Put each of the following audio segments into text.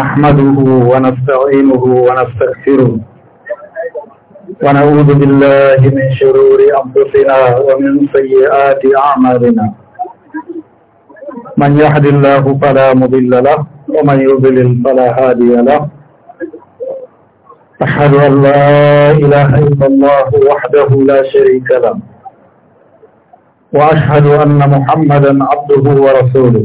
نحمده ونستعينه ونستغفره ونعوذ بالله من شرور أنفسنا ومن سيئات أعمالنا من يهد الله فلا مضل له ومن يضلل فلا هادي له أشهد أن لا إله إلا الله وحده لا شريك له وأشهد أن محمدا عبده ورسوله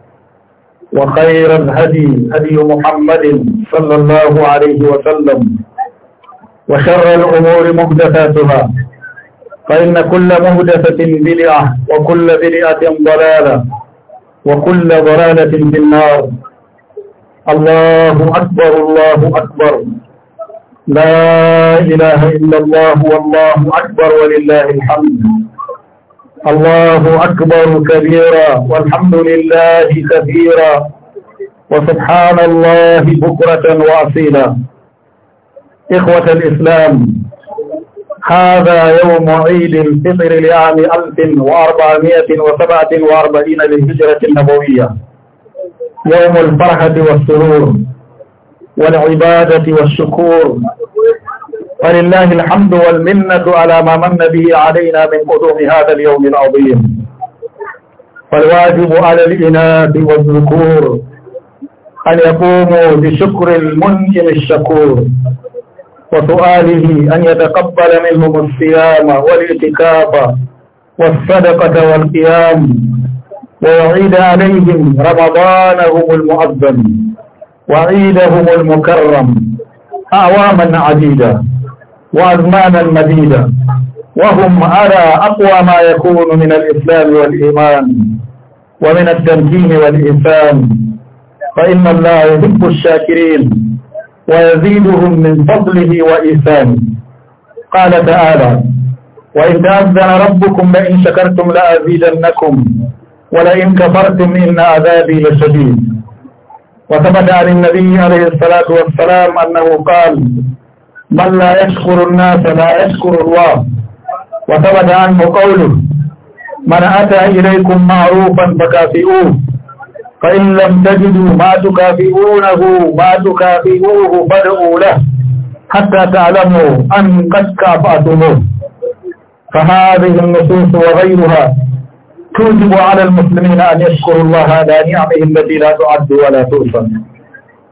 وخير الهدي هدي محمد صلى الله عليه وسلم وشر الأمور مهدثاتها فإن كل مهدثة بدعة وكل بدعة ضلالة وكل ضلالة في النار الله أكبر الله أكبر لا إله إلا الله والله أكبر ولله الحمد الله أكبر كبيرا والحمد لله كثيرا وسبحان الله بكرة وأصيلا إخوة الإسلام هذا يوم عيد الفطر لعام 1447 للهجرة النبوية يوم الفرحة والسرور والعبادة والشكور ولله الحمد والمنة على ما من به علينا من قدوم هذا اليوم العظيم فالواجب على الإناث والذكور أن يقوموا بشكر المنعم الشكور وسؤاله أن يتقبل منهم الصيام والاعتكاف والصدقة والقيام ويعيد عليهم رمضانهم المعظم وعيدهم المكرم أعواما عديدة وأزمانا مديدة وهم على أقوى ما يكون من الإسلام والإيمان ومن التمكين والإنسان فإن الله يحب الشاكرين ويزيدهم من فضله وإيسانه قال تعالى وإن تأذن ربكم لئن شكرتم لأزيدنكم ولئن كفرتم إن عذابي لشديد وثبت عن النبي عليه الصلاة والسلام أنه قال من لا يشكر الناس لا يشكر الله وثبت عنه قوله من أتى إليكم معروفا فكافئوه فإن لم تجدوا ما تكافئونه ما تكافئوه فادعوا له حتى تعلموا أن قد كافأتموه فهذه النصوص وغيرها توجب على المسلمين أن يشكروا الله على نعمه التي لا تعد ولا تؤثر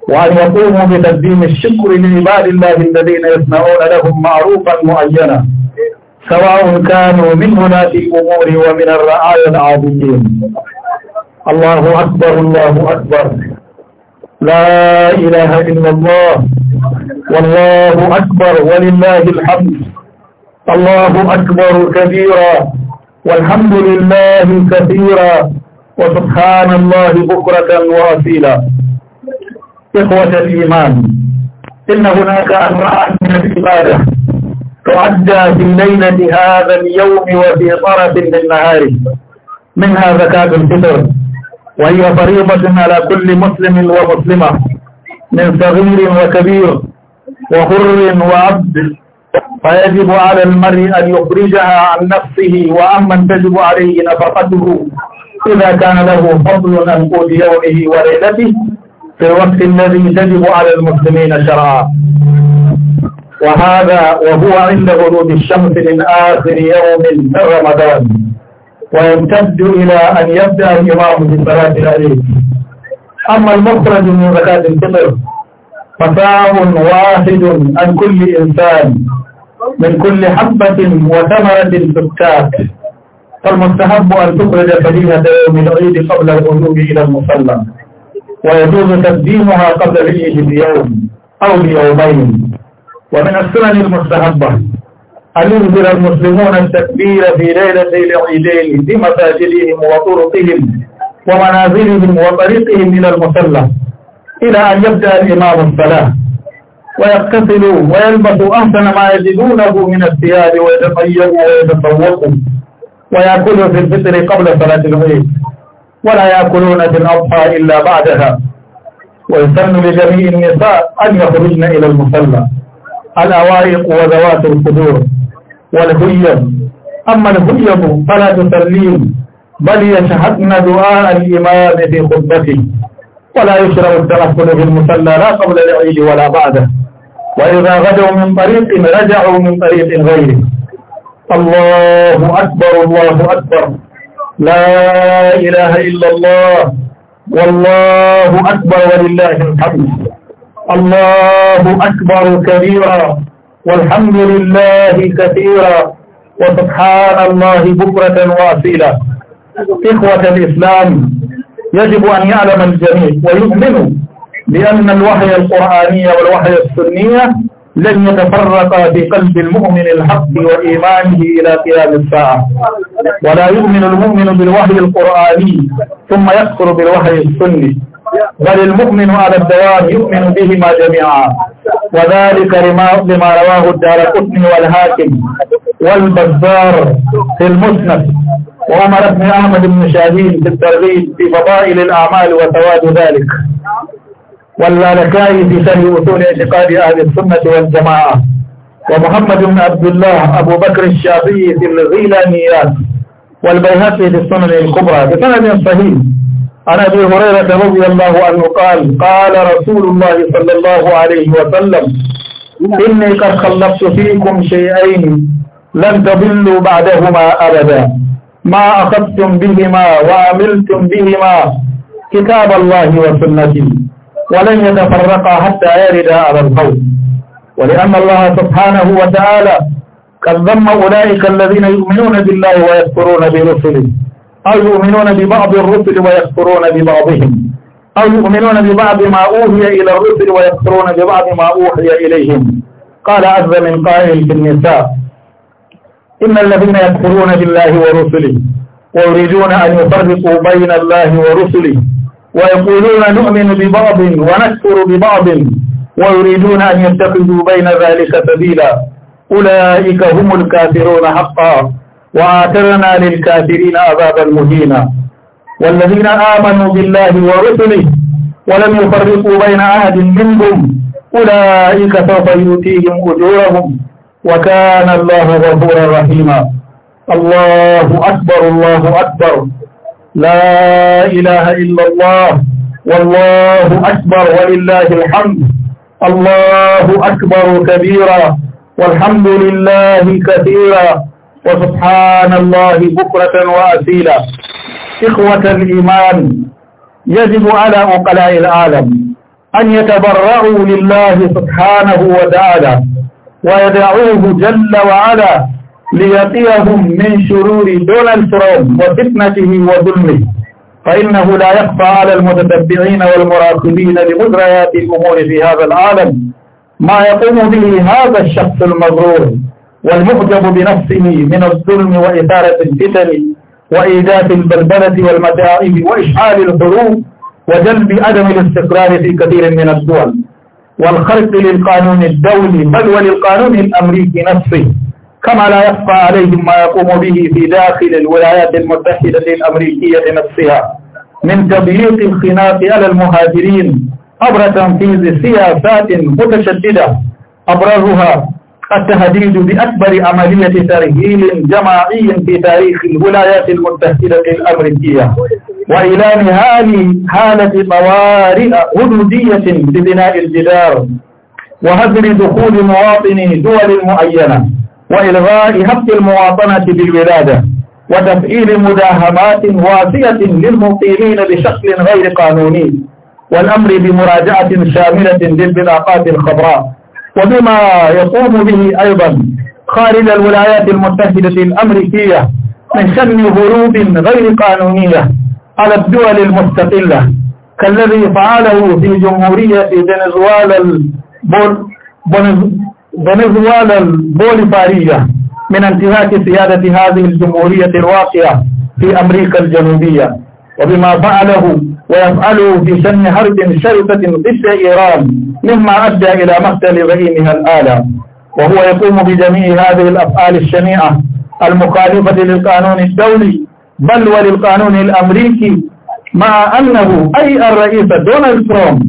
وأن يقوموا بتقديم الشكر لعباد الله الذين يصنعون لهم معروفا معينا سواء كانوا من في الأمور ومن الرعايا العابدين الله أكبر الله أكبر لا إله إلا الله والله أكبر ولله الحمد الله أكبر كبيرا والحمد لله كثيرا وسبحان الله بكرة وأصيلا إخوة الإيمان إن هناك أنواع من العبادة تعدى في الليلة هذا اليوم وفي طرف من منها زكاة الفطر وهي فريضة على كل مسلم ومسلمة من صغير وكبير وحر وعبد فيجب على المرء أن يخرجها عن نفسه وعمن تجب عليه نفقته إذا كان له فضل عن قول يومه وليلته في الوقت الذي تجب على المسلمين شرعا وهذا وهو عند غروب الشمس من آخر يوم من رمضان ويمتد إلى أن يبدأ الإمام بالصلاة العيد أما المخرج من زكاة الفطر فساع واحد عن كل إنسان من كل حبة وثمرة فتاك فالمستحب أن تخرج فديهة يوم العيد قبل الغروب إلى المصلى ويجوز تقديمها قبل رجعه بيوم أو بيومين ومن السنن المستحبة أن ينزل المسلمون التكبير في ليلة العيدين في مساجدهم وطرقهم ومنازلهم وطريقهم إلى المصلى إلى أن يبدأ الإمام الصلاة ويغتسلوا ويلبسوا أحسن ما يجدونه من الثياب ويتطيبوا ويتطوقوا ويأكلوا في الفطر قبل صلاة العيد ولا يأكلون في الأضحى إلا بعدها ويسن لجميع النساء أن يخرجن إلى المصلى الأوائق وذوات القدور والهيم أما الهيم فلا تسليم بل يشهدن دعاء الإمام في خطبته ولا يشرع التنفل في المصلى لا قبل العيد ولا بعده وإذا غدوا من طريق رجعوا من طريق غيره الله أكبر الله أكبر لا إله إلا الله والله أكبر ولله الحمد الله أكبر كبيرا والحمد لله كثيرا وسبحان الله بكرة وأسيلة إخوة الإسلام يجب أن يعلم الجميع ويؤمن بأن الوحي القرآني والوحي السنية لن يتفرقا بقلب المؤمن الحق وإيمانه إلى قيام الساعة ولا يؤمن المؤمن بالوحي القرآني ثم يكفر بالوحي السني بل المؤمن على الدوام يؤمن بهما جميعا وذلك لما رواه الدار قطني والهاكم والبزار في المسند وامر ابن أحمد بن شاهين في الترغيب في فضائل الأعمال وثواب ذلك واللالكائي في شرح أصول اعتقاد أهل السنة والجماعة ومحمد بن عبد الله أبو بكر الشافعي في الغيلانيات والبيهقي في السنن الكبرى بسند صحيح عن أبي هريرة رضي الله عنه قال قال رسول الله صلى الله عليه وسلم إني قد خلفت فيكم شيئين لن تضلوا بعدهما أبدا ما أخذتم بهما وعملتم بهما كتاب الله وسنتي ولن يتفرقا حتى يردا على القول ولأن الله سبحانه وتعالى قد ذم أولئك الذين يؤمنون بالله ويكفرون برسله أو يؤمنون ببعض الرسل ويكفرون ببعضهم أو يؤمنون ببعض ما أوحي إلى الرسل ويكفرون ببعض ما أوحي إليهم قال عز من قائل في النساء إن الذين يكفرون بالله ورسله ويريدون أن يفرقوا بين الله ورسله ويقولون نؤمن ببعض ونكفر ببعض ويريدون أن يتخذوا بين ذلك سبيلا أولئك هم الكافرون حقا وآترنا للكافرين عذابا مهينا والذين آمنوا بالله ورسله ولم يفرقوا بين أحد منهم أولئك سوف يؤتيهم أجورهم وكان الله غفورا رحيما الله أكبر الله أكبر لا إله إلا الله والله أكبر ولله الحمد الله أكبر كبيرا والحمد لله كثيرا وسبحان الله بكرة وأسيلا إخوة الإيمان يجب على عقلاء العالم أن يتبرعوا لله سبحانه وتعالى ويدعوه جل وعلا ليقيهم من شرور دون ترامب وفتنته وظلمه فإنه لا يخفى على المتتبعين والمراقبين لمجريات الأمور في هذا العالم ما يقوم به هذا الشخص المغرور والمحجب بنفسه من الظلم وإثارة الفتن وإيجاد البلبلة والمتاعب وإشعال الحروب وجلب عدم الاستقرار في كثير من الدول والخرق للقانون الدولي بل وللقانون الأمريكي نفسه كما لا يخفى عليهم ما يقوم به في داخل الولايات المتحدة الأمريكية نفسها من تضييق الخناق على المهاجرين عبر تنفيذ سياسات متشددة أبرزها التهديد بأكبر عملية ترهيل جماعي في تاريخ الولايات المتحدة الأمريكية وإعلان حالة طوارئ حدودية ببناء الجدار وهدم دخول مواطني دول معينة وإلغاء حق المواطنة بالولادة وتفعيل مداهمات واسية للمقيمين بشكل غير قانوني والأمر بمراجعة شاملة للبلاقات الخضراء وبما يقوم به أيضا خارج الولايات المتحدة الأمريكية من شن هروب غير قانونية على الدول المستقلة كالذي فعله في جمهورية فنزويلا فنزويلا البوليفارية من انتهاك سيادة هذه الجمهورية الواقعة في أمريكا الجنوبية وبما فعله ويفعله في شن حرب شرسة ضد إيران مما أدى إلى مقتل زعيمها الآلة وهو يقوم بجميع هذه الأفعال الشنيعة المخالفة للقانون الدولي بل وللقانون الأمريكي مع أنه أي الرئيس دونالد ترامب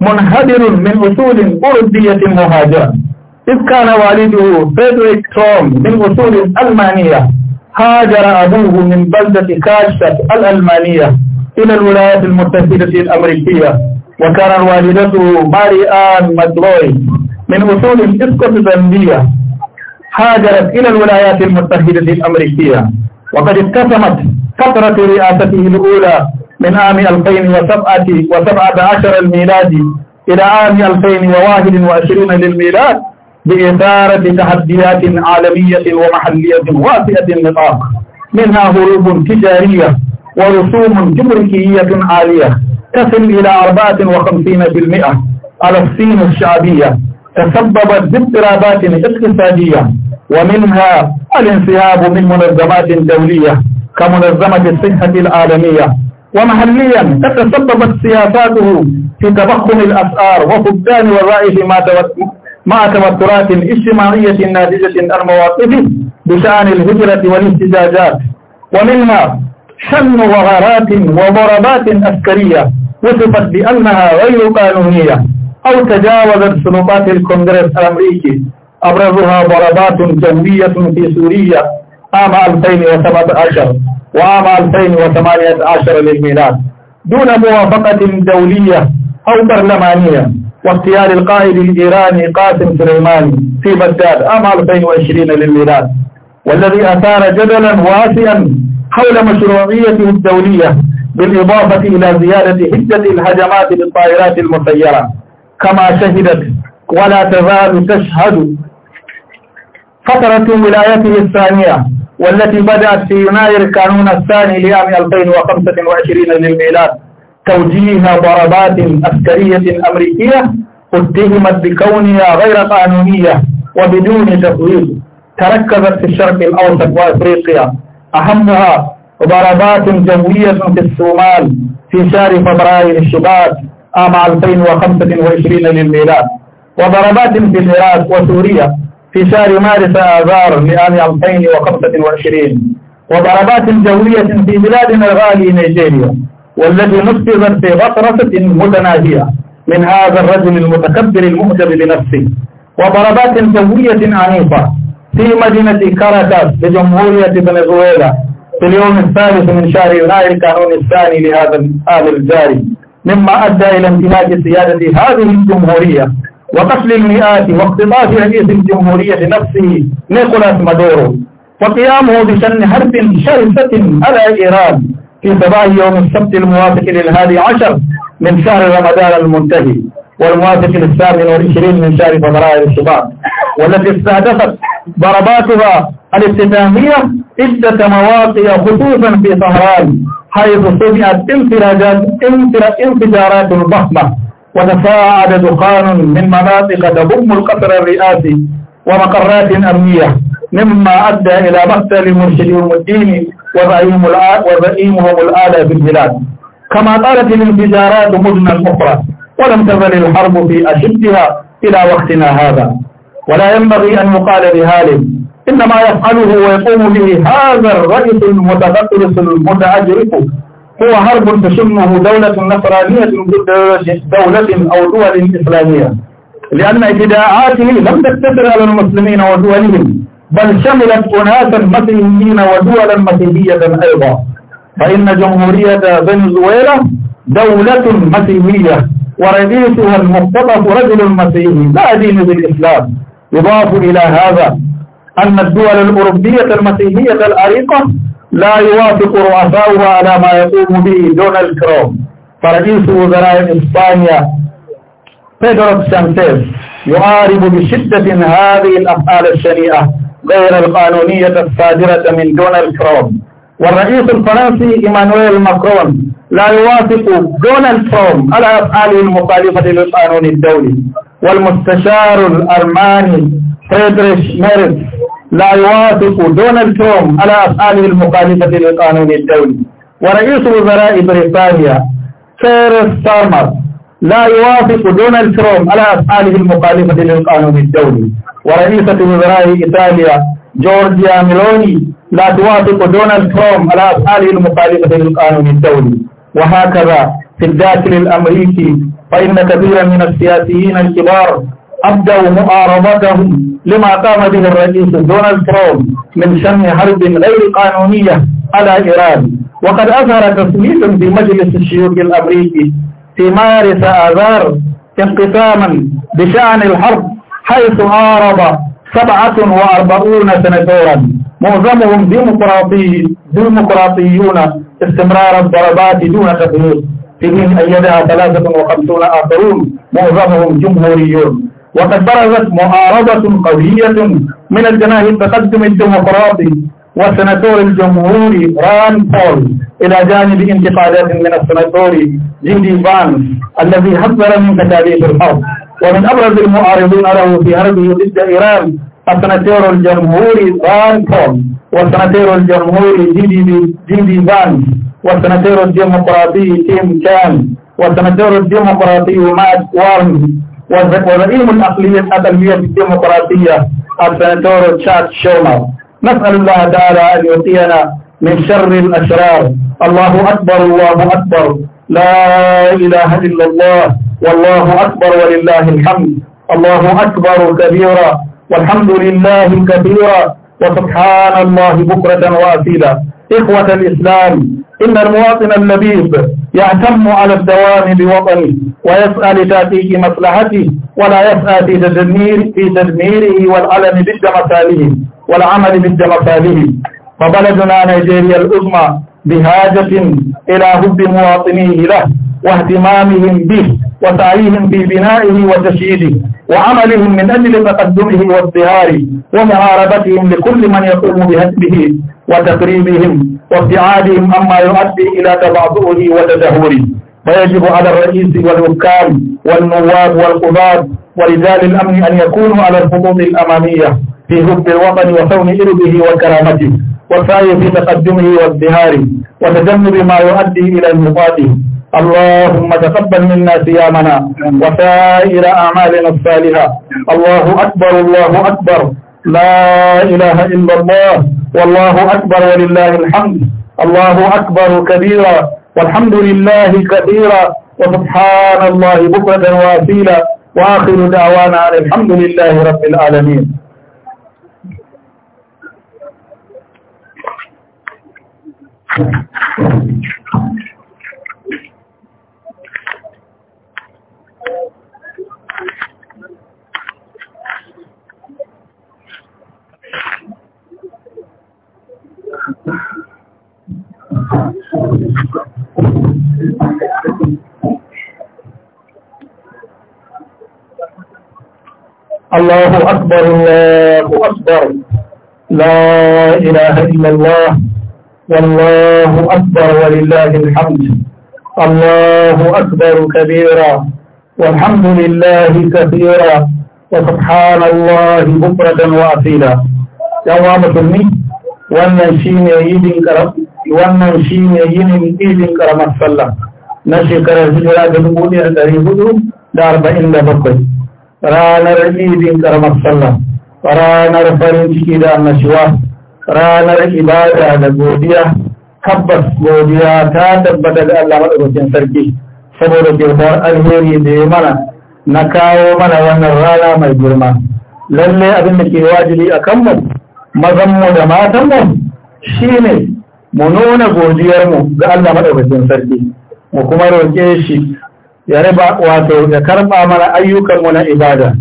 منحدر من أصول أوروبية مهاجرة إذ كان والده فريدريك تروم من أصول ألمانية هاجر أبوه من بلدة كاشت الألمانية إلى الولايات المتحدة الأمريكية وكان والدته ماري آن مدروي من أصول اسكتلندية هاجرت إلى الولايات المتحدة الأمريكية وقد اتسمت فترة رئاسته الأولى من عام 2007 الميلادي إلى عام 2021 للميلاد بإثارة تحديات عالمية ومحلية واسعة النطاق منها هروب تجارية ورسوم جمركية عالية تصل إلى 54% على الصين الشعبية تسببت باضطرابات اقتصادية ومنها الانسحاب من منظمات دولية كمنظمة الصحة العالمية ومحليا تتسببت سياساته في تضخم الأسعار وفقدان والرأي فيما مع توترات اجتماعية ناتجة عن مواقفه بشأن الهجرة والاستجاجات ومنها شن وغارات وضربات عسكرية وصفت بأنها غير قانونية أو تجاوزت سلطات الكونغرس الأمريكي أبرزها ضربات جوية في سوريا عام 2017 وعام 2018 للميلاد دون موافقة دولية أو برلمانية واغتيال القائد الإيراني قاسم سليماني في بغداد عام 2020 للميلاد والذي أثار جدلا واسعا حول مشروعيته الدولية بالإضافة إلى زيادة حدة الهجمات للطائرات المسيرة كما شهدت ولا تزال تشهد فترة ولايته الثانية والتي بدأت في يناير كانون الثاني لعام 2025 للميلاد توجيه ضربات عسكرية أمريكية اتهمت بكونها غير قانونية وبدون تفويض تركزت في الشرق الأوسط وأفريقيا أهمها ضربات جوية في الصومال في شهر فبراير الشباط عام 2025 للميلاد وضربات في العراق وسوريا في شهر مارس آذار لعام 2025 وضربات جوية في بلادنا الغالي نيجيريا والذي نصبت في غطرسة متناهية من هذا الرجل المتكبر المؤدب بنفسه وضربات جوية عنيفة في مدينة كاراكاس بجمهورية فنزويلا في اليوم الثالث من شهر يناير القانون الثاني لهذا الآل الجاري مما أدى إلى انتهاك سيادة هذه الجمهورية وقتل المئات واقتطاف رئيس الجمهورية نفسه نيكولاس مادورو وقيامه بشن حرب شرسة على إيران في صباح يوم السبت الموافق للهادي عشر من شهر رمضان المنتهي والموافق للثامن والعشرين من شهر فبراير الشباط والتي استهدفت ضرباتها الافتتاحية عدة مواقع خصوصا في طهران حيث سمعت انفرادات انفجارات ضخمة وتفاعل دخان من مناطق تضم القصر الرئاسي ومقرات أمنية مما أدى إلى مقتل مرشدهم الدين وزعيمهم الآلة في البلاد كما طالت الانفجارات مدنا أخرى ولم تزل الحرب في أشدها إلى وقتنا هذا ولا ينبغي أن يقال لهالم إنما يفعله ويقوم به هذا الرئيس المتغطرس المتعجرف هو حرب تشمه دولة نصرانية ضد دولة أو دول إسلامية لأن ابتداعاته لم تقتصر على المسلمين ودولهم بل شملت أناسا مسيحيين ودولا مسيحية أيضا فإن جمهورية فنزويلا دولة مسيحية ورئيسها المختطف رجل مسيحي لا دين بالإسلام يضاف إلى هذا أن الدول الأوروبية المسيحية الأريقة لا يوافق رؤساؤها على ما يقوم به دونالد كروم فرئيس وزراء إسبانيا بيدرو سانتيز يعارض بشدة هذه الأفعال الشنيئة غير القانونية الصادرة من دونالد ترامب والرئيس الفرنسي إيمانويل ماكرون لا يوافق دونالد ترامب على أفعاله المخالفة للقانون الدولي والمستشار الألماني فريدريش ميرتس لا يوافق دونالد ترامب على أفعاله المخالفة للقانون الدولي ورئيس وزراء بريطانيا سيرس سارمر لا يوافق دونالد ترامب على أفعاله المخالفة للقانون الدولي ورئيسة وزراء إيطاليا جورجيا ميلوني لا توافق دونالد ترامب على أفعاله المخالفة للقانون الدولي وهكذا في الداخل الأمريكي فإن كثيرا من السياسيين الكبار أبدوا معارضتهم لما قام به الرئيس دونالد ترامب من شن حرب غير قانونية على إيران وقد أظهر تصويت في مجلس الشيوخ الأمريكي في مارس آذار انقساما بشأن الحرب حيث عارض سبعة وأربعون سنتورا معظمهم ديمقراطي ديمقراطيون استمرار الضربات دون تفويض في حين أيدها 53 آخرون معظمهم جمهوريون وقد برزت معارضة قوية من الجناح التقدم الديمقراطي وسناتور الجمهور ران بول إلى جانب انتقادات من السناتور جيدي فان الذي حذر من تكاليف الحرب ومن أبرز المعارضين له في هربه ضد إيران السناتور الجمهوري ران بول والسناتور الجمهوري جيدي جيدي فان والسناتور الديمقراطي تيم كان والسناتور الديمقراطي مات وارن وزعيم الأقلية التنمية الديمقراطية السناتور تشاد شومر نسأل الله تعالى أن يعطينا من شر الأشرار الله أكبر الله أكبر لا إله إلا الله والله أكبر ولله الحمد الله أكبر كبيرا والحمد لله كثيرا وسبحان الله بكرة وأسيلا إخوة الإسلام إن المواطن اللبيب يعتم على الدوام بوطنه ويسأل تاتيك مصلحته ولا يسأل في تدمير في تدميره والعلم ضد والعمل ضد مكانه فبلدنا نيجيريا العظمى بحاجة إلى حب مواطنيه له واهتمامهم به وسعيهم في بنائه وتشييده وعملهم من أجل تقدمه وازدهاره ومعاربتهم لكل من يقوم بهدمه وتقريبهم وابتعادهم عما يؤدي إلى تبعضه وتدهوره ويجب على الرئيس والوكال والنواب والقضاة ورجال الأمن أن يكونوا على الخطوط الأمامية في حب الوطن وصون إربه وكرامته والسعي في تقدمه وازدهاره وتجنب ما يؤدي إلى انبطاطه اللهم تقبل منا صيامنا وسائر أعمالنا الصالحة الله أكبر الله أكبر لا إله إلا الله والله أكبر ولله الحمد الله أكبر كبيرا والحمد لله كثيرا وسبحان الله بكرة وأصيلا وآخر دعوانا الحمد لله رب العالمين الله أكبر الله أكبر لا إله إلا الله والله أكبر ولله الحمد الله أكبر كبيرا والحمد لله كثيرا وسبحان الله بكرة وأصيلا يوم ترمي ونشين يدين كرم ونشين يدين يدين كرم صلى نشك رجل رجل مولي الدريب دار بإن بقي رانر يدين كرم صلى رانر فرنشك دار نشواه ranar ibada da godiya tabbas godiya ta tabbata ga Allah madaukakin sarki saboda kyautar alheri da ya mana na kawo mana wannan rana mai girma lalle abin da ke wajibi a kanmu mazanmu da matanmu shine mu nuna godiyarmu ga Allah madaukakin sarki mu kuma roƙe shi ya raba wato ya karɓa mana ayyukanmu na ibada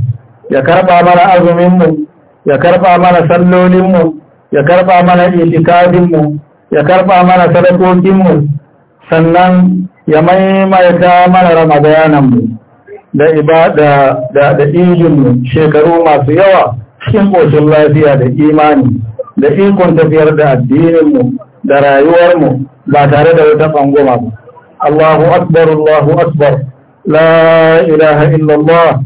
ya karɓa mana azuminmu ya karɓa mana sallolinmu ya karba mana mu ya karba mana sadakokinmu sannan ya maimaita mana mu da ibada da da mu shekaru masu yawa cikin ƙoshin lafiya da imani da ikon tafiyar da addinin mu da rayuwarmu ba tare da wata ɓangoma ba Allahu akbar Allahu akbar la ilaha illallah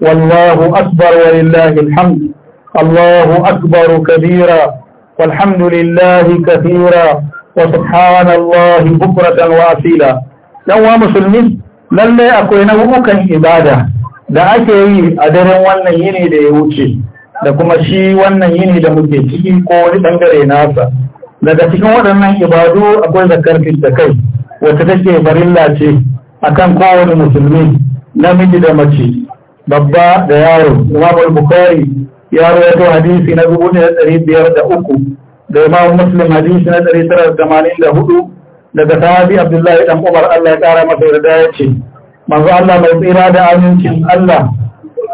wallahu akbar walillahi alhamd Allahu akbar kabira والحمد لله كثيرا وسبحان الله بكرة وأصيلا يوم مسلمين lalle akwai nau'ukan ibada da ake yi a daren wannan yini da ya wuce da kuma shi wannan yini da muke ciki ko wani bangare nasa daga cikin waɗannan ibadu akwai zakar da kai wata take farilla ce akan kowane musulmi namiji da mace babba da yaro imamul bukhari ya rawaito hadisi na dubu da ɗari biyar da uku da imam muslim hadisi na ɗari tara da tamanin da hudu daga sahabi abdullahi dan umar allah ya ƙara masa yarda ya ce manzo allah mai tsira da amincin allah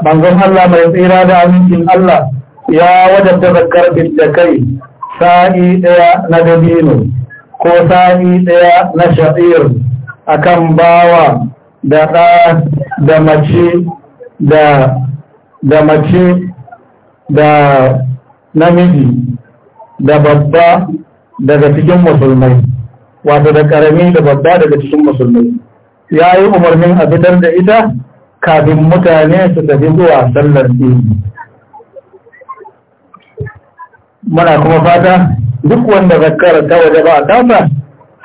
manzon allah mai tsira da amincin allah ya wadatta zakar da kai sa'i ɗaya na dabino ko sa'i ɗaya na sha'ir akan bawa da da mace da da mace da namiji da babba daga cikin musulmai wato da karami da babba daga cikin musulmai ya yi umarnin a fitar da ita kafin mutane su tafi zuwa sallar ɗin muna kuma fata duk wanda zakar ta waje ba a kasa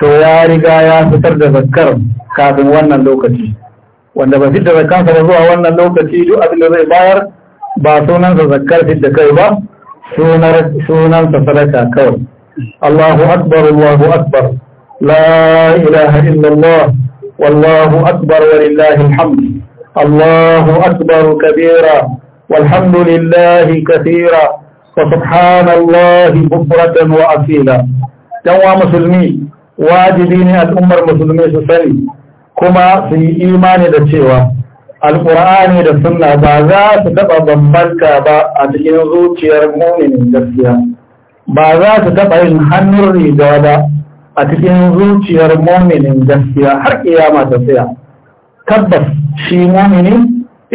to ya riga ya fitar da zakar kafin wannan lokaci wanda ba fitar da kansa ba zuwa wannan lokaci duk abin da zai bayar باتونا تذكر في الدكيبة سونا تسلكا كون الله أكبر الله أكبر لا إله إلا الله والله أكبر ولله الحمد الله أكبر كبيرا والحمد لله كثيرا وسبحان الله بكرة وأصيلا جوا مسلمي واجبين الأمة مسلمي سسلي كما في إيمان الشيوخ alkur'ani da sunna ba za su taɓa bambanta ba a cikin zuciyar muminin gaskiya ba za su taɓa yin hannun riga ba a cikin zuciyar muminin gaskiya har kiyama ta tsaya tabbas shi mumini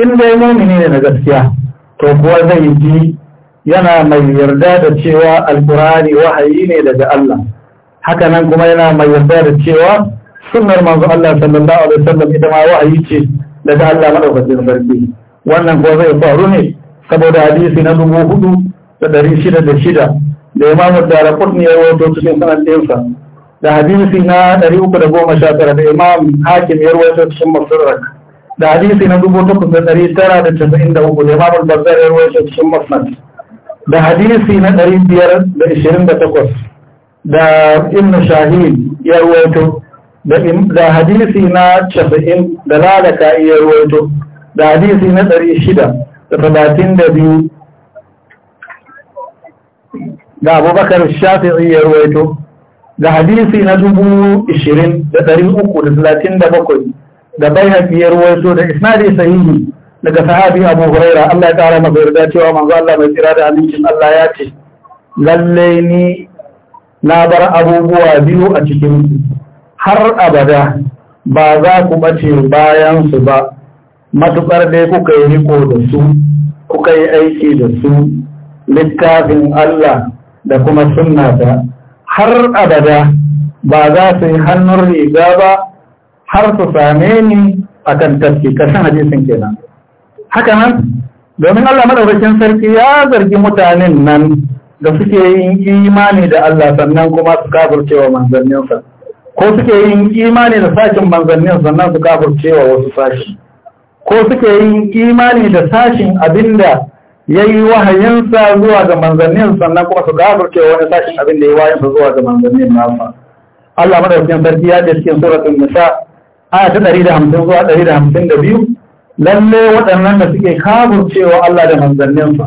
in dai mumini ne na gaskiya to kuwa zai ji yana mai yarda da cewa alkur'ani wahayi ne daga Allah haka nan kuma yana mai yarda da cewa sunnar manzo Allah sallallahu alaihi wasallam ita ma wahayi ce daga Allah madaukakin sarki wannan ko zai faru ne saboda hadisi na dubu hudu da ɗari shida da shida da imam darakut ne ya rawaito cikin sanar da hadisi na ɗari uku da goma sha tara da imam hakim ya rawaito cikin masarrak da hadisi na dubu takwas da ɗari tara da casa'in da uku da imam bazar ya rawaito cikin masnad da hadisi na ɗari biyar da ishirin da takwas da ibn shahid ya rawaito da hadisi na casa'in da lalaka iya ruwaito da hadisi na ɗari shida da talatin da biyu da abubakar shafi'i ya ruwaito da hadisi na dubu ishirin da ɗari uku da talatin da bakwai da bai haƙi ya ruwaito da isnadi sahihi daga sahabi abu huraira Allah ya ƙara masa yarda cewa manzo Allah mai tsira da amincin Allah ya ce lallai ni na bar abubuwa biyu a cikin har abada ba za ku ɓace bayan su ba matuƙar dai kuka yi riko da su kuka yi aiki da su littafin Allah da kuma sunna sunnata har abada ba za su yi hannun riga ba har su same ni a kan tafki ƙarshen hadisin kenan haka nan domin Allah madaukakin sarki ya zargi mutanen nan da suke yin imani da Allah sannan kuma su wa manzanninsa ko suke yin imani da sashin manzannin sannan su kafurce wa wasu sashi ko suke yin imani da sashin abinda ya yi wahayinsa zuwa ga manzannin sannan kuma su kafurce wani sashin abinda ya yi wahayinsa zuwa ga manzannin nasa Allah madaukakin sarki ya ce cikin suratul nisa aya ta 150 zuwa 152 lalle waɗannan da suke kafurcewa Allah da manzanninsa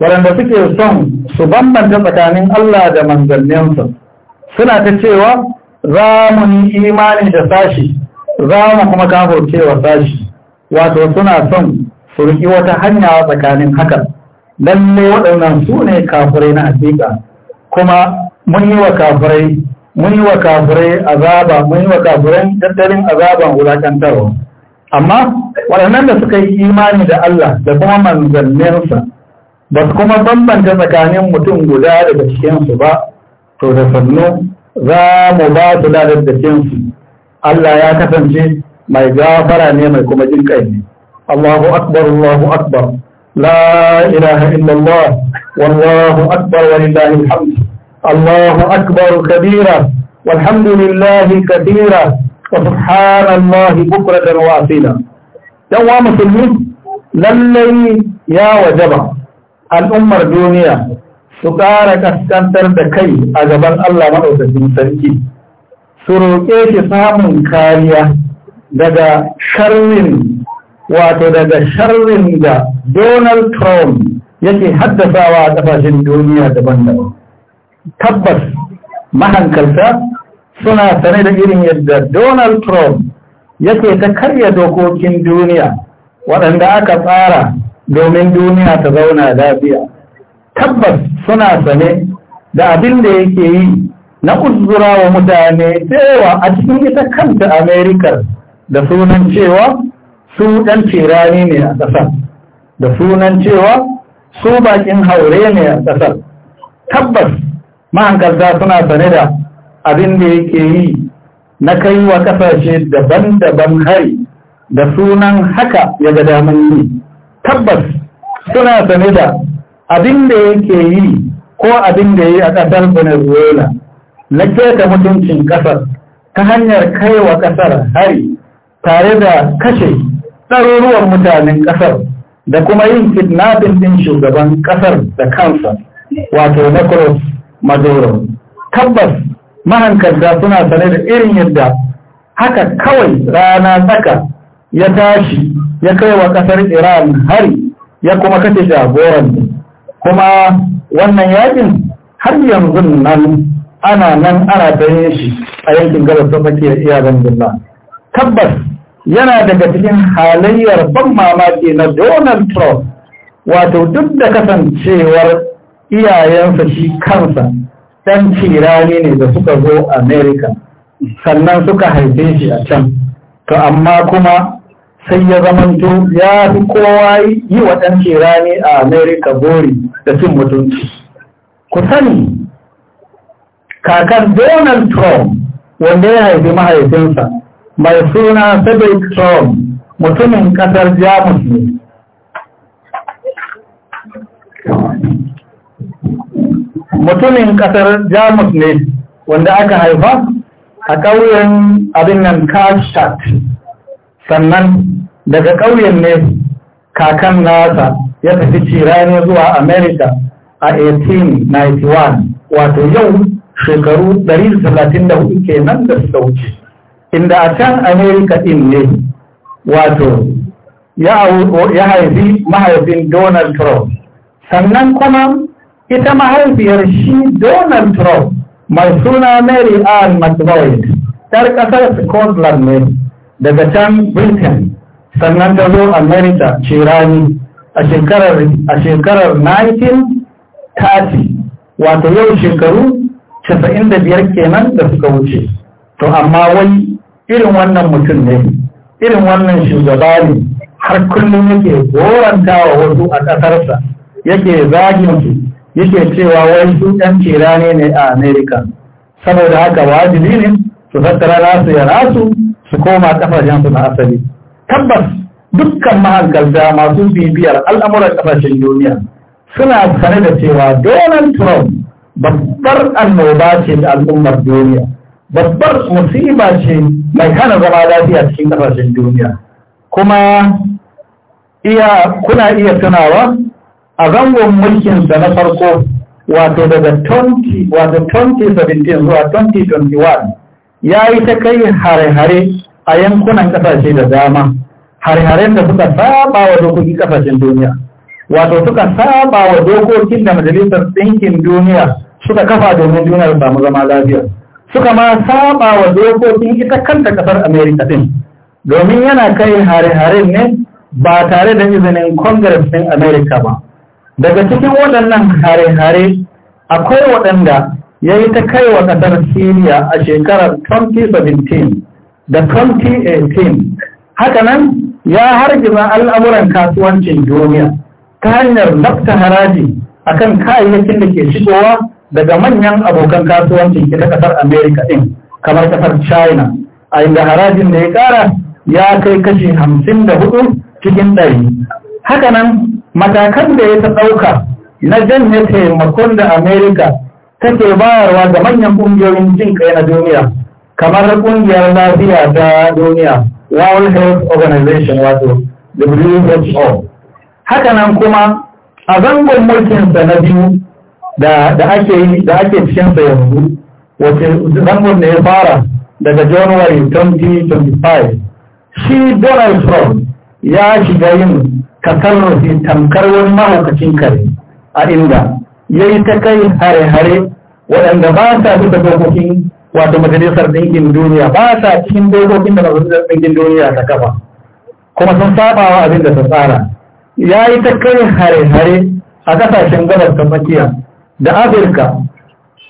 waɗanda suke son su bambanta tsakanin Allah da manzanninsa suna ta cewa za mu yi imani da sashi za mu kuma kafurce wa sashi wato suna son su riƙi wata hanya tsakanin hakan Lalle waɗannan su ne kafirai na hakika kuma mun yi wa kafirai mun yi wa kafirai azaba mun yi wa kafirai tattalin azaban wulakantarwa amma waɗannan da suka yi imani da Allah da kuma manzanninsa ba su kuma bambanta tsakanin mutum guda daga cikinsu ba to da sannu za mu ba su ladaddakinsu Allah ya kasance mai gafara ne mai kuma jin kai ne Allahu akbar Allahu akbar la ilaha illallah wallahu akbar walillahi alhamd Allahu akbar kabira walhamdulillahi kabira wa subhanallahi bukratan wa asila dan wa musulmi lallai ya wajaba al'ummar duniya su ƙara ƙasƙantar da kai a gaban Allah maɗaukakin sarki su roƙe shi samun kariya daga sharrin wato daga sharrin da Donald Trump yake haddasawa a ƙasashen duniya daban-daban tabbas mahankalta suna sane da irin yadda Donald Trump yake ta karya dokokin duniya waɗanda aka tsara domin duniya ta zauna lafiya tabbas suna sane da abin da yake yi na uzura wa mutane cewa a cikin ita kanta amerikar da sunan cewa su ɗan tirani ne a ƙasar da sunan cewa su baƙin haure ne a ƙasar tabbas ma'ankarta suna sane da abin da yake yi na kai wa ƙasashe daban-daban hari da sunan haka ya ga daman yi tabbas suna sane da abin da yake yi ko abin da yi a ƙasar venezuela na keta mutuncin ƙasar ta hanyar kaiwa ƙasar hari tare da kashe ɗaruruwan mutanen ƙasar da kuma yin kidnapping ɗin shugaban ƙasar da kansa wato Nicolas Maduro. Tabbas mahankanta suna sane da irin yadda haka kawai rana tsaka ya tashi ya kai wa ƙasar Iran hari ya kuma kashe jagoranta kuma wannan yakin har yanzu nan ana nan ana ta yin shi a yankin gabas ta tsakiyar iyalan billah tabbas yana daga cikin halayyar ban mamaki na donald trump wato duk da kasancewar iyayensa shi kansa ɗan cirani ne da suka zo america sannan suka haife shi a can to amma kuma sai ya zamanto ya fi kowa yi wa shera rani a amerika bori da cin mutunci ku sani kakar donald trump wanda ya haifi mahaifinsa mai suna cedric trump mutumin kasar jamus ne mutumin kasar jamus ne wanda aka haifa a ƙauyen abin nan kashat sannan daga ƙauyen ne kakan nasa ya tafi cirani zuwa america a 1891 wato yau shekaru 134 kenan da suka inda a can america din ne wato ya haifi mahaifin donald trump sannan kuma ita mahaifiyar shi donald trump mai suna mary ann mcdonald 'yar ƙasar scotland ne daga can britain sannan ta zo america cirani a shekarar 1930 wato yau shekaru 95 kenan da suka wuce to amma wai irin wannan mutum ne irin wannan shugaba ne har kullum yake wa wasu a ƙasarsa yake zagin su yake cewa wai su ɗan cirani ne a america saboda haka wajibi ne su tattara nasu ya rasu su koma kasashen su na asali tabbas dukkan mahankalta masu bibiyar al'amuran kasashen duniya suna sane da cewa donald trump babbar annoba ce da al'ummar duniya babbar musiba ce mai hana zama lafiya cikin kasashen duniya kuma iya kuna iya tunawa a zangon mulkin mulkinsa na farko wato daga 20 wato 2017 zuwa 2021 ya yi ta kai hare-hare a yankunan kasashe da dama hare-haren da suka saba wa dokokin kasashen duniya wato suka saba wa dokokin da majalisar ɗinkin duniya suka kafa domin duniyar samu zama lafiya suka ma saba wa dokokin ita kanta kasar america din domin yana kai hare-haren ne ba tare da izinin congress din Amerika ba daga cikin waɗannan hare-hare akwai waɗanda ya yi ta kai wa ƙasar Siriya a shekarar 2017 da 2018. Hakanan ya hargiza al'amuran kasuwancin duniya ta hanyar lafta haraji a kan kayayyakin da ke shigowa daga manyan abokan kasuwancin ita ƙasar Amerika ɗin kamar ƙasar China, a inda harajin da ya ƙara ya kai kashi hamsin da hudu cikin ɗari. Hakanan matakan da ya ta ɗauka na janye taimakon da Amerika take bayarwa ga manyan ƙungiyoyin jin kai na duniya kamar ƙungiyar lafiya ta duniya World Health Organization wato WHO hakanan kuma a zangon mulkinsa na biyu da ake da ake sa yanzu wato zangon ne ya fara daga January 2025 shi Donald Trump ya shiga yin kasarrufi tamkar wani mahaukacin kare a inda ya yi ta kai hare-hare waɗanda ba sa bisa dokokin wato majalisar ɗinkin duniya ba sa cikin dokokin da majalisar ɗinkin duniya ta kafa kuma sun sabawa abin da ta tsara ya yi ta kai hare-hare a ƙasashen gabas ta tsakiya da afirka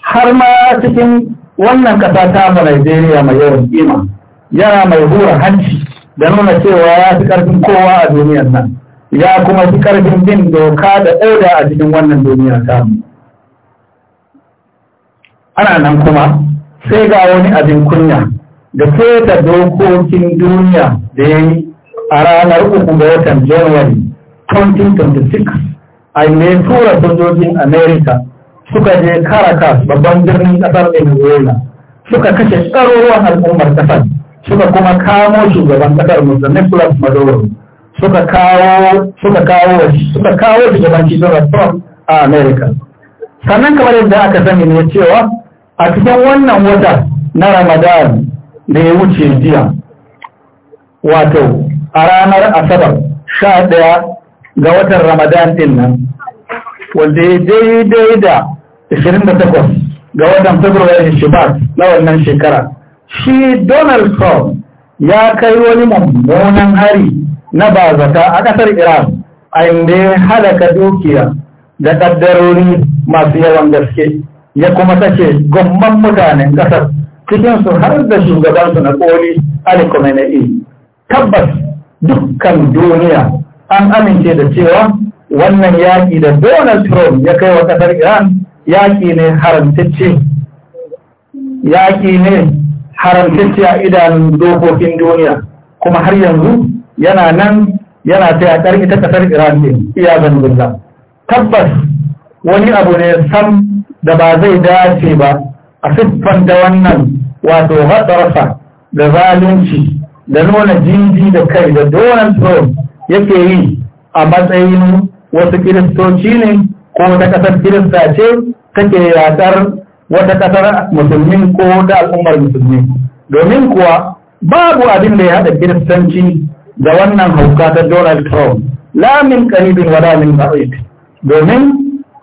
har ma cikin wannan ƙasa ta mu najeriya mai yawan kima yana mai hura hanci da nuna cewa ya fi ƙarfin kowa a duniyar nan ya kuma fi ƙarfin bin doka da ɗauda a cikin wannan duniyar tamu ana nan kuma sai ga wani abin kunya da keta dokokin duniya da ya yi a ranar uku ga watan january 2026 a mai tura sojojin america suka je caracas babban birnin kasar venezuela suka kashe tsaruruwan al'ummar kasar suka kuma kamo shugaban kasar musa nicolas maduro suka kawo shugaban shi suka trump a america sannan kamar yadda aka sani ne cewa a cikin wannan wata na ramadan da ya wuce jiya wato a ranar asabar sha ɗaya ga watan ramadan ɗin nan wanda ya daidai da 28 ga watan february shibat na wannan shekara shi donald trump ya kai wani mummunan hari na bazata a ƙasar iran a inda ya halaka dukiya da ƙaddarori masu yawan gaske ya kuma take gomman mutanen ƙasar cikinsu har da shugaban su na koli Ali Khamenei tabbas dukkan duniya an amince da cewa wannan yaƙi da Donald Trump ya kai wa ƙasar Iran yaƙi ne haramtacce yaƙi ne haramtacce a idanun dokokin duniya kuma har yanzu yana nan yana ta yaƙar ita ƙasar Iran ne iya zanzunza tabbas wani abu ne sam da ba zai dace ba a siffan da wannan wato hatsarsa da zalunci da nuna jinji da kai da Donald Trump yake yi a matsayin wasu kiristoci ne ko wata ƙasar kirista ce take yatsar wata ƙasar musulmi ko da al'ummar musulmi domin kuwa babu abin da ya haɗa kiristanci da wannan hauka ta Donald Trump lamin karibin wala min ba'id domin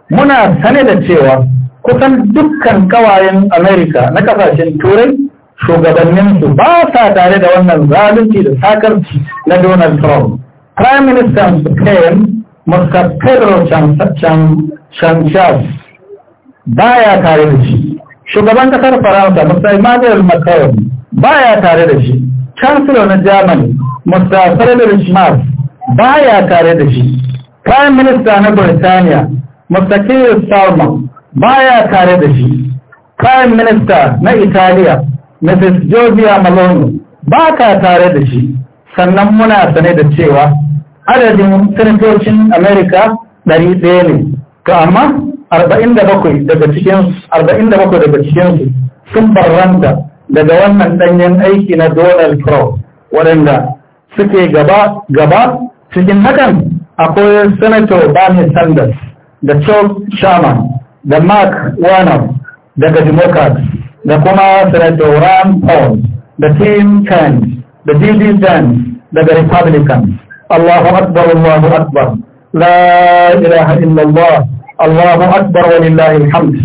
muna sane da cewa kusan dukkan kawayen amerika na kasashen turai shugabanninsu ba sa tare da wannan zalunci da sakarci na donald trump prime minister spain mr pedro sanchez ba ya tare da shi shugaban kasar faransa mr emmanuel macron ya tare da shi chancellor na germany mr frederick marx ya tare da shi prime minister na Birtaniya, mr keir starmer baya tare da shi prime minister na italiya mrs georgia maloney ba ka tare da shi sannan muna sane da cewa adadin sanatocin america ɗari ɗaya ne to amma 47 daga cikinsu 47 daga cikinsu sun barranta daga wannan ɗanyen aiki na donald trump waɗanda suke gaba gaba cikin hakan akwai senator bernie sanders da chuck sherman da mark warner daga democrats da kuma senator ram paul da tim kent da dd jones daga republicans allahu akbar allahu akbar لا إله إلا الله الله أكبر alhamd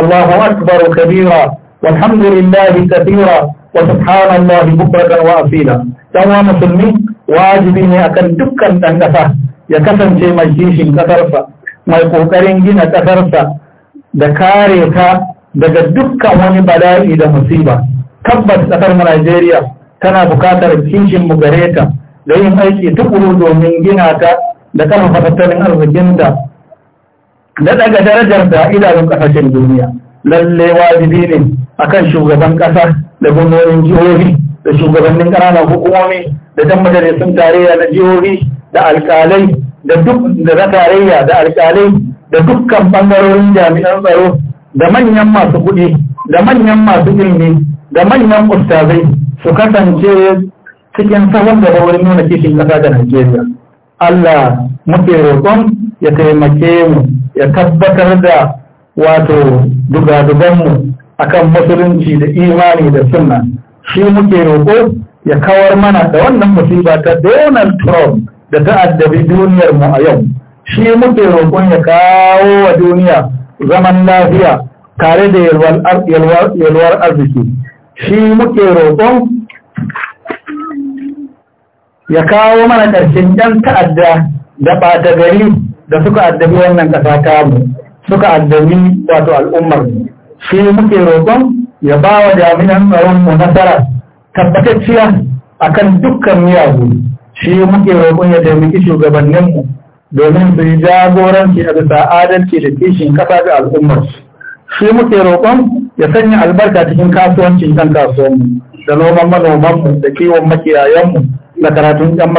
allahu akbar kabira كبيرا والحمد لله كثيرا وسبحان الله بكرة وأصيلا يوم مسلمي wajibi ne akan dukkan ɗan ƙasa ya kasance mai kishin ƙasarsa mai ƙoƙarin gina ƙasarsa da kare ta daga dukkan wani bala'i da musiba tabbas kasar mu Najeriya tana bukatar kishin mu gare ta da yin aiki tukuru domin gina ta da karfafa tattalin arzikin da da daga darajar da idanun kasashen duniya lalle wajibi ne akan shugaban kasa da gwamnonin jihohi da shugabannin ƙananan hukumomi da dan majalisun tarayya na jihohi da alƙalai da duk da na tarayya da alkalai da dukkan bangarorin jami'an tsaro da manyan masu kuɗi da manyan masu ilimi da manyan ustazai su kasance cikin sahun gaba wurin nuna kishin ƙasa da Najeriya. Allah muke roƙon ya taimake mu ya tabbatar da wato mu akan musulunci da imani da sunna shi muke roƙo ya kawar mana da wannan musiba ta Donald Trump da ta addabi duniyarmu a yau. shi muke roƙon ya kawo wa duniya zaman lafiya tare da yalwar arziki shi muke roƙon ya kawo mana ƙarshen ɗan ta'adda da ɓata gari da suka addabi wannan ƙasa mu suka addabi wato al'ummar shi muke roƙon ya ba wa jami'an mu nasara tabbatacciya akan dukkan miyagu shi muke roƙon ya taimaki shugabanninmu domin su yi jagoranci a bisa adalci da kishin kasa da al'ummar shi muke roƙon ya sanya albarka cikin kasuwancin kan kasuwanmu da noman manomanmu da kiwon makiyayenmu da karatun ɗan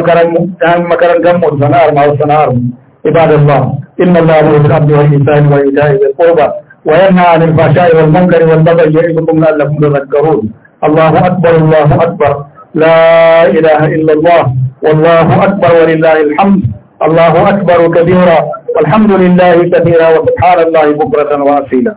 makarantarmu da sana'ar masu mu ibadallah inna Allah wa rubuta abdu wa ihsan wa ita'i bil qurba wa yanha 'anil fahsha'i wal munkari wal baghyi ya'idukum la'allakum tadhakkarun Allahu akbar Allahu akbar la ilaha illa Allah wallahu akbar wa lillahi alhamd الله أكبر كبيرا والحمد لله كثيرا وسبحان الله بكرة وأصيلا